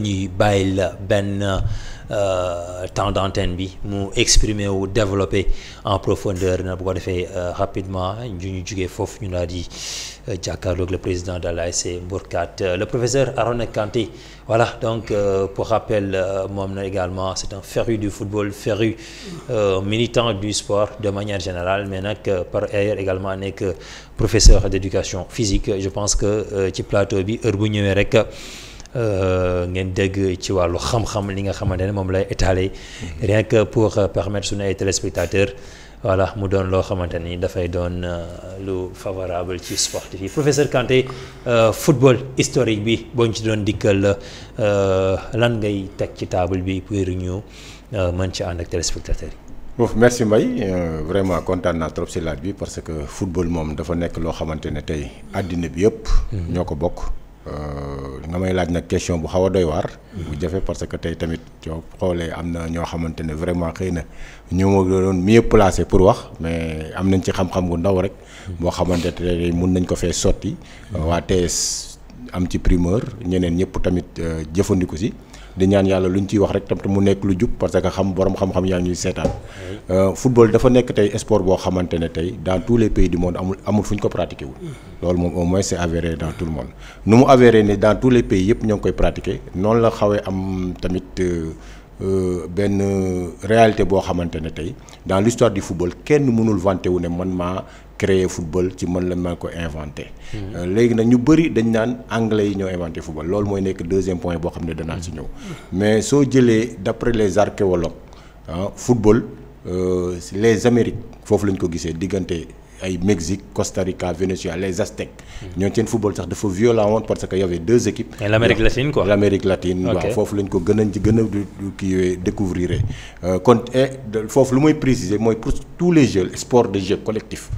ñuy bàyyi la euh, temps nous exprimer ou développer en profondeur na euh, rapidement ñu euh, le président de l'ASC le professeur Arona Kanté voilà donc pour rappel également c'est un ferru du football ferru militant du sport de manière générale mais par ailleurs également nekk professeur d'éducation physique je pense que ci plateau bi heure bu Euh, ngeen dégg ci wàllu xam-xam li nga xamante ne moom lay étaler mhm. rien que pour euh, permettre suñu ay téléspectateurs voilà mu doon loo xamante ni dafay doon euh, lu favorable ci sportif yi professeur Kanté football historique bi boo ñu ci doon dikkal lan ngay teg ci table bi pour ñu mën ci ànd ak téléspectateurs yi. boof merci Mbaye vraiment kontaan naa trop si laaj bi parce que football moom dafa nekk loo xamante ne tey àddina bi yëpp. Mhm. ñoo ko bokk. Euh, nga may laaj nag question bu xaw a doy waar. bu jafe parce que tey tamit soo xoolee am na ñoo xamante ne vraiment xëy na ñoo doon yëpp placé pour wax mais am nañ ci xam-xam bu ndaw rek. boo xamante ne mun nañ ko fee sotti. waa TS am ci primeur ñeneen ñëpp tamit euh, jëfandiku si. di ñaan yàlla luñ ci wax rek tam mu nekk lu jub parce que xam borom xam-xam yaa ñuy seetaan. Euh, football dafa nekk tey sport boo xamante ne tey dans tous les pays du monde amul amul fu ñu ko pratiqué wul. loolu moom au moins c' est avéré dans tout ñoo koy pratiqué noonu la xawee am tamit. Euh, ben réalité bo xamantene tay dans l'histoire du football kenn mënul vanté wu ne man ma créer football ci man la mako ko inventé. Hmm. Euh, léegi nag ñu bëri dañ nan anglais yi ñoo inventé football lool moy nek deuxième point bo xamné dana ci ñëw. mais so jëlé d'après les archéologues hein, football euh, les Amériques fofu lañ ko gissé diganté ay Mexique Costa Rica Venezuela les Aztèques. ñooñu seen football sax dafa violent parce qu'il y avait deux équipes. Et l'Amérique latine quoi l'Amérique latine. Il faut que ko gën a gën a découvrirait. découvrir euh, eh, lu préciser tous les jeux sport de jeu collectif.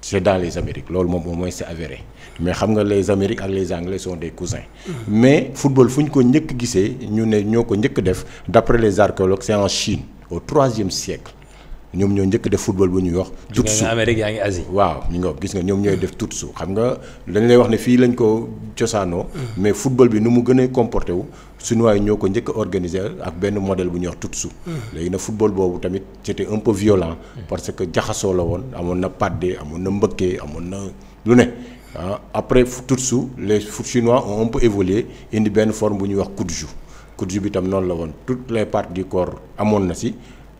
c'est dans les Amériques au c'est avéré mais xam les Amériques et les Anglais sont des cousins mais football fu ko njëkk gisee ñu ne ñoo d'après les archéologues c'est en Chine au troisième siècle ñom ñoo ñëk def football bu ñuy wax. tutsu Amérique yaangi Asie. waaw ñu nga gis nga ñom ñoy def tutsu xam nga dañ lay wax ne fi lañ ko cosaanoo. Mm. mais football bi nu mu gën a comporté wu. Chinois yi ñoo ko njëkk ak ben modèle bu ñu wax tutsu. Mm. léegi na football bobu tamit c'était un peu violent. Mm. parce que jaxasoo la woon amoon na pàdde amon na mbëkkee amon na lu né ah après tutsu les foot chinois ont un peu évolué indi ben forme bu ñu wax coup de kudju kudju bi tam non la woon toutes les parties du corps amon na si.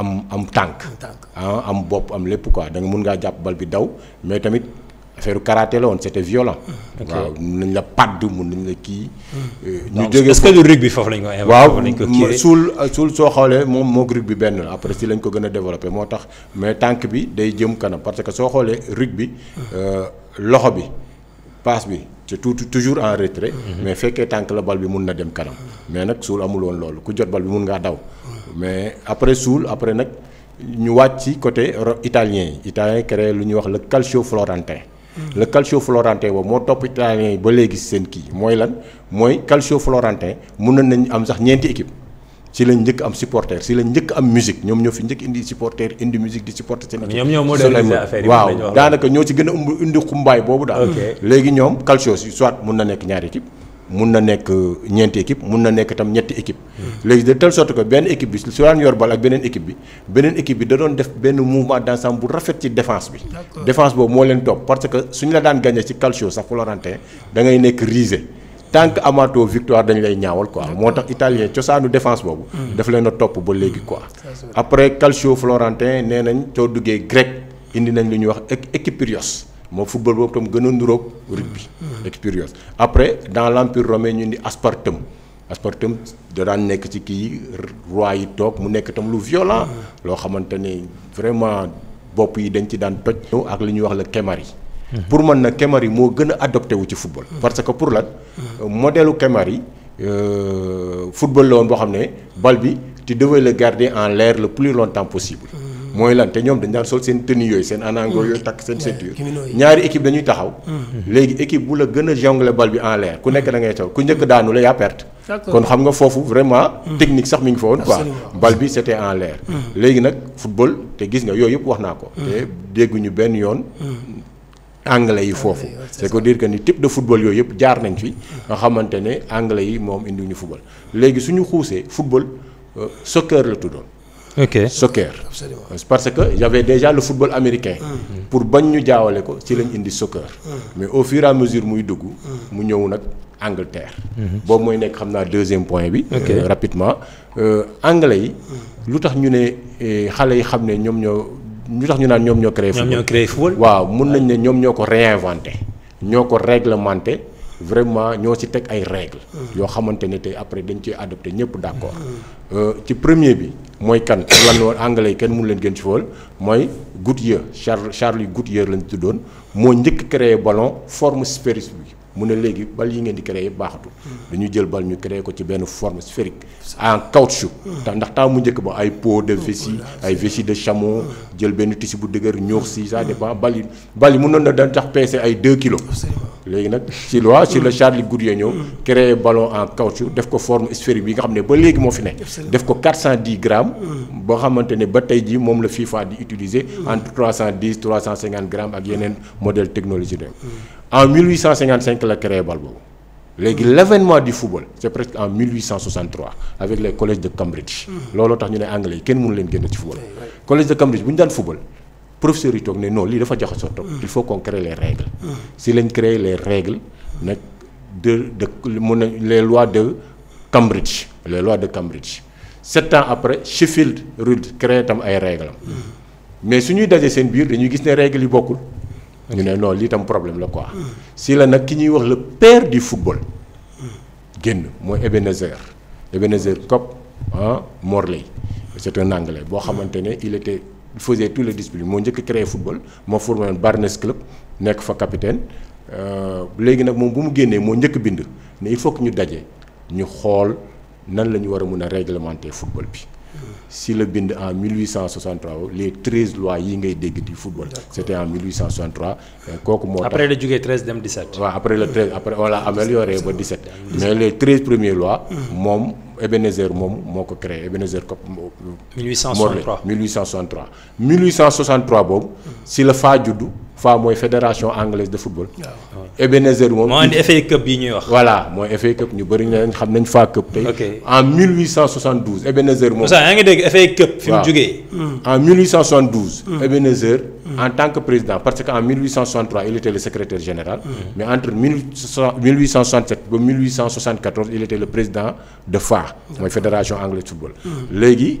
am am tànk. am ah, am bopp am lépp quoi da nga mun ngaa jàpp bal bi daw mais tamit affaire karaté la woon c'était violent. Mm, waaw mun nañ la padd mun nañ la kii. Mm. Euh, ñu jógee est-ce que le rugby foofu lañ ko. suul euh, suul soo xoolee moom moog rugby benn la après si lañ ko gën a développé moo tax mais tànk bi day jëm kanam parce que soo xoolee rugby mm. euh, loxo bi passe bi. te tout toujours en retrait. Mm-hmm. mais fekkee tànk la bal bi mun na dem kanam. mais nag suul amul loolu ku jot bal bi mun ngaa daw. mais après suul après nag ñu wàcc ci côté italien yi italien créé lu ñuy wax le calcio florentin. Mm. le calcio florentin boobu moo topp italien yi ba léegi seen kii mooy lan mooy calcio florentin mun nañ am sax ñeenti équipe. ci lañ njëkk am supporter ci lañ njëkk am musique ñoom ñoo fi njëkk indi supporter indi musique di supporter seen ñoom ñoo moderniser affaire yi waaw daanaka ñoo ci gën a indi xumbaay boobu daal léegi ñoom calcio si soit mun na nekk ñaari équipe mun na nekk ñeenti équipe mun na nekk tam ñetti équipe léegi de telle sorte que benn équipe bi su daan yor bal ak beneen équipe bi beneen équipe bi da doon def benn mouvement d'ensemble bu rafet ci défense bi défense boobu moo leen topp parce que suñu la daan gagné ci calcio sax Florentin da nekk risé tant que amato victoire dañ lay ñaawal quoi moo tax italien cosaanu defence boobu hmm. daf leen topp ba léegi quoi après calcio Florentin nee nañ soo duggee grec indi nañ lu ñuy wax équiperios Mon football boobu tam gën a rugby rugby expérience après dans l'empire romain ñu ni aspartum aspartum da daan nekk ci ki roi yi tok mu nek tam lu violent lo xamantene vraiment bop yi dañ ci daan toj ak li ñu wax le kemari pour man na kemari mo gën a adopté wu ci football parce que pour le modèle kemari euh, football la bo xamné xam bal bi tu devais le garder en l'air le plus longtemps possible mooy lan te ñoom dañ dal sol seen tenue yoy seen anango yoy mm. tak seen ceinture ñaari équipe dañuy taxaw mm. légui équipe bu la gëna a jongle bi en l'air ku nekk da ngay taw ku ñëk daanu la ya perte kon xam nga fofu vraiment mm. technique sax mi ngi fa quoi bal bi c'était en l'air légui nak football té gis nga yooyu yëpp wax naa ko te dégguñu yoon anglais yi fofu c'est à dire que ni type de football yooyu yëpp jaar nañ fi nga xamantene anglais yi indi ñu football légui suñu xuusee football euh, soccer la tuddoon ok soccer. absolument parce que j'avais déjà le football américain. Ah. pour bañ ñu ko ci lañ indi soccer. Ah. mais au fur et à mesure muy dugg. Ah. mu ñew nak Angleterre. Mhm. boobu mooy nekk xam naa deuxième point bi. Euh, rapidement euh, anglais yi. lu ñu né eh, xalé yi xamné ñom ñoo ñu tax ñu naan ñom ñoo. créer football ñom ñoo créer football. waaw mën nañ né ñom ñoo ko réinventer ñoo ko réglementer vraiment ñoo ci tek ay règles. yoo xamante ne tey après dañ ciy adopté ñëpp d'accord euh, ci premier bi. mooy kan lan la woon anglais yi kenn mënu leen gën ci fool mooy Goodyear Charles Charles Goodyear lañ tuddoon moo njëkk créé ballon forme sphérique bi mu ne léegi ball yi ngeen di créé baaxatu dañu jël bal ñu créé ko ci benn forme sphérique en caoutchouc tax ndax temps mu njëkk ba ay peau de vessie ay vessie de chamon jël benn tissu bu dëgër ñuux si ça dépend bal yi bal yi mënoon na daan tax peese ay 2 kilos C'est le ci loi ci le Charles Goodyear ñëw ballon en caoutchouc def ko forme sphérique bi nga xamné ba légui 410 grammes Il a utilisé ba tay ji FIFA di utiliser mm. entre 310 350 grammes ak un mm. modèle technologique. Mm. en 1855 la créé ballon. boobu L'événement du football c'est presque en 1863 avec les collèges de Cambridge lolo tax ñu né anglais kenn mënu leen ci football collège de Cambridge buñ dan football professeur yi toog ne non lii dafa jaxasoo toog. Mm. il faut qu'on crée les règles. Mm. si lañ crée les règles nag de de les lois de Cambridge les lois de Cambridge sept ans après Sheffield Rudd créé tam ay règles mm. mais suñuy ñuy daje seen biir dañuy gis ne règles yi bokkul. ñu ne non lii tam problème la quoi. si la nag ki ñuy wax le père du football. génn mooy Ebenezer Ebenezer Cobb ah Morley c' est un anglais boo xamante ne il était. Il faisait tous les disciplines moo njëkk créé football moo formé woon Barnes Club nekk fa capitaine euh, léegi nag moom bu mu génnee moo à bind Mais il faut que ñu daje ñu xool nan la ñu war a réglementer football bi si le bind en 1863 les 13 lois yi ngay dégg du football. C'était en 1863. mo après le jugé 13 dem 17. après le 13 après on amélioré ba 17. mais les 13 premières lois. mom hmm. Ebenezer mom moko créé Ebenezer Cop. 1863 1863. 1863 bob si le fa FA la fédération anglaise de football. Ebenezer moom. FA Cup bi ñuy voilà moi FA Cup ñu bari ñu xam nañ FA Cup. en 1872. Ebenezer C'est ça ya FA Cup. en 1872. Mm. Ebenezer mm. en tant que président parce qu'en 1863 il était le secrétaire général. Mm. mais entre 1867 et 1874 il était le président de FA. fédération anglaise de football. légui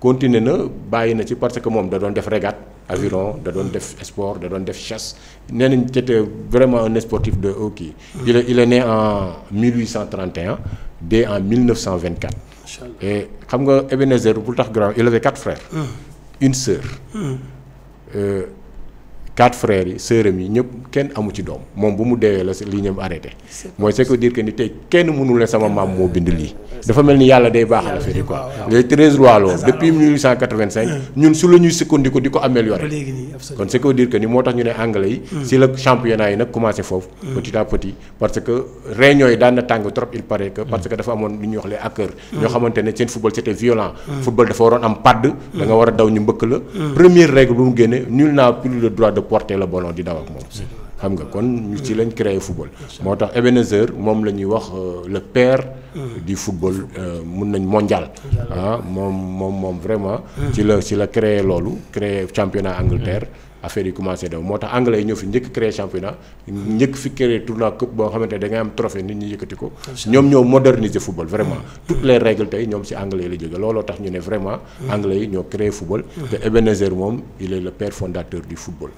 continuer na bàyyi na ci parce que moom da doon def régate aviron da doon def sport da doon def chasse nee nañ vraiment un sportif de hockey. il est il est né en 1831 dès en 1924. et xam nga Ebenezer tax grand il avait quatre frères. Hum. une sœur. Hum. Euh, quatre frères yi sërëm yi ñëpp kenn amu ci doom moom bu mu deewee la lii ñoom arrêté mooy c'est que dire que tey kenn mënul ne sama maam moo bind lii dafa mel ni yàlla day baaxal affaire yi quoi les treize depuis 1885 ñun su la di ko améliorer kon c'est que dire que moo tax ñu ne anglais yi hmm. si la championnat yi nag commencé foofu hmm. petit à parce que réunion yi daan tàng trop il paraît que hmm. parce que dafa amoon lu ñuy wax les hackers ñoo xamante porter la ballon di daw ak moom xam nga kon ñu ci lañ créé football moo tax Ebenezer moom la ñuy wax euh, le père du football euh, mun nañ mondial ah moom moom moom vraiment ci la ci la créer loolu créé championnat Angleterre affaire yi commencé daw moo anglais yi ñoo créer championnat njëkk fi créé tournoi coupe bo xamanté da ngay am trophée nit ñi yëkëti ko moderniser football vraiment mm. toutes les règles tay ñom si anglais la jóge lolo tax ñu né vraiment mm. anglais yi ñoo créé football mm. Ebenezer mom il est le père fondateur du football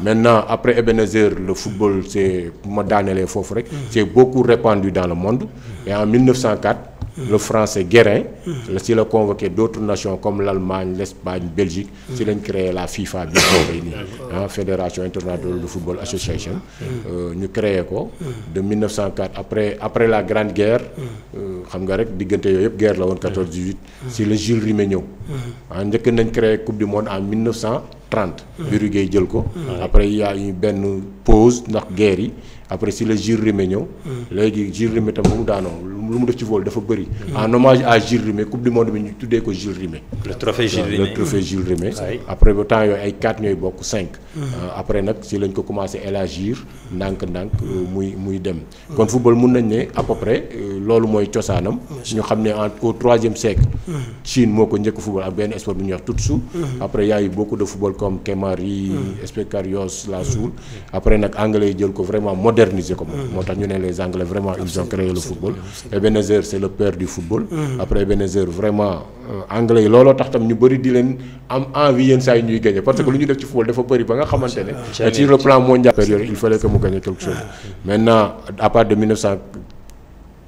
maintenant après Ebenezer le football c'est ma danelé fofu rek c'est beaucoup répandu dans le monde et en 1904 le français Guérin. S'il a convoqué d'autres nations comme l'Allemagne, l'Espagne, la Belgique. s'il a créé la FIFA la hein, fédération internationale de football association. nous euh, créé ko. de 1904 après après la Grande Guerre. Euh, xam nga rek diganté yooyu guerre la 1914 14 18. le Gilles Jules Rimet ñëw. créé ah, la nañ créé coupe du monde en 1930. après jël ko. après y a eu une pause la guerre après c'est le Jules Rimet ñëw. Mm. Jules Rimet tam lu mu ci vol dafa bëri. en hommage à Jules Rimet coupe du monde bi ñu tuddee ko Jules Rimet. le trophée Jules Rimet le trophée Jules Rimet. après ba temps yooyu ay quatre ñooy bokk 5 euh, après nag si lañ ko à élargir ndànk-ndànk euh, muy muy dem. kon football mun nañ ne à peu près euh, loolu mooy cosaanam. ñu xam ne en au troisième siècle. Mm-hmm. Chine moo ko njëkk football ak benn sport bu ñuy tout Tutsu. Mm-hmm. après y a eu beaucoup de football comme Kemari. Mm-hmm. Especarios La Soul. après nag anglais yi jël ko vraiment moderniser comme moom. ñu ne les anglais vraiment ils ont créé le football. Eh Ebenezer c'est le père du football. après Ebenezer vraiment euh, anglais Lolo nous tax tam ñu di am envie de ñuy parce que lu ñu def ci football dafa bari ba nga xamantene Et sur le plan mondial. il fallait que nous gagne quelque chose. maintenant à part de 1900.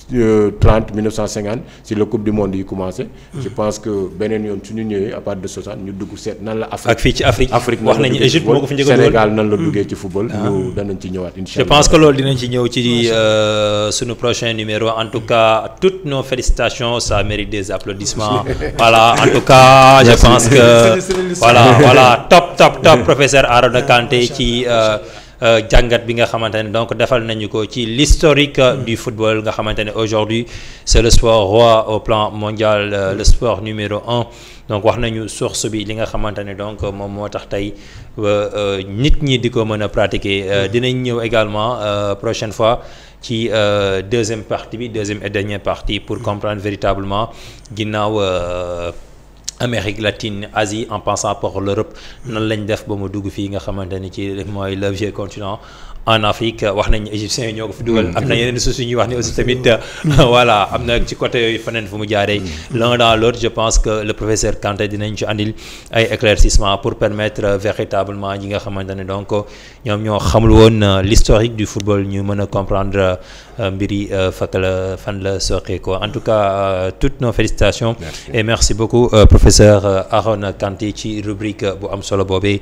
30 euh, 1950 si la coupe du monde a commencé. Hmm. je pense que beneen yoon su à partir de 60 ñu dugg seet nan la. Afrique Afrique Afrique wax Égypte fi Sénégal nan la hmm. duggee ci football. ñu ah. danañ ci ñëwaat je pense que nous dinañ ci ñëw ci euh, nos prochain numéro en tout cas toutes nos félicitations ça mérite des applaudissements voilà en tout cas. je pense que voilà voilà top top top professeur Arona Kanté ci. Euh, jangat bi nga xamante donc defal nañu ko ci l'historique euh, du football nga xamante aujourd'hui c'est le sport roi au plan mondial euh, le sport numéro un donc wax nañu source bi li nga xamante donc mom motax tay nit ñi diko ko pratiquer mm-hmm. dinañ ñëw également prochaine fois ci deuxième partie bi deuxième et dernière partie pour mm-hmm. comprendre véritablement ginnaaw Amérique latine Asie en passant par l'Europe nan lañ def nga le continent en Afrique euh, wax nañ égyptiens yi fi dugal mm. am na yeneen sources wax aussi tamit mm. euh, voilà am na ci côté yooyu fanen fu mu jaaree mm. l'un dans l'autre je pense que le professeur Kanté dinañ ci andil ay éclaircissement pour permettre euh, véritablement ñi nga xamante donc ñom ñoo xamul won l'historique du football ñu mën comprendre mbiri fak fan la soqee quoi en tout cas toutes nos félicitations et merci beaucoup professeur Aaron Kanté ci rubrique bu am solo bobé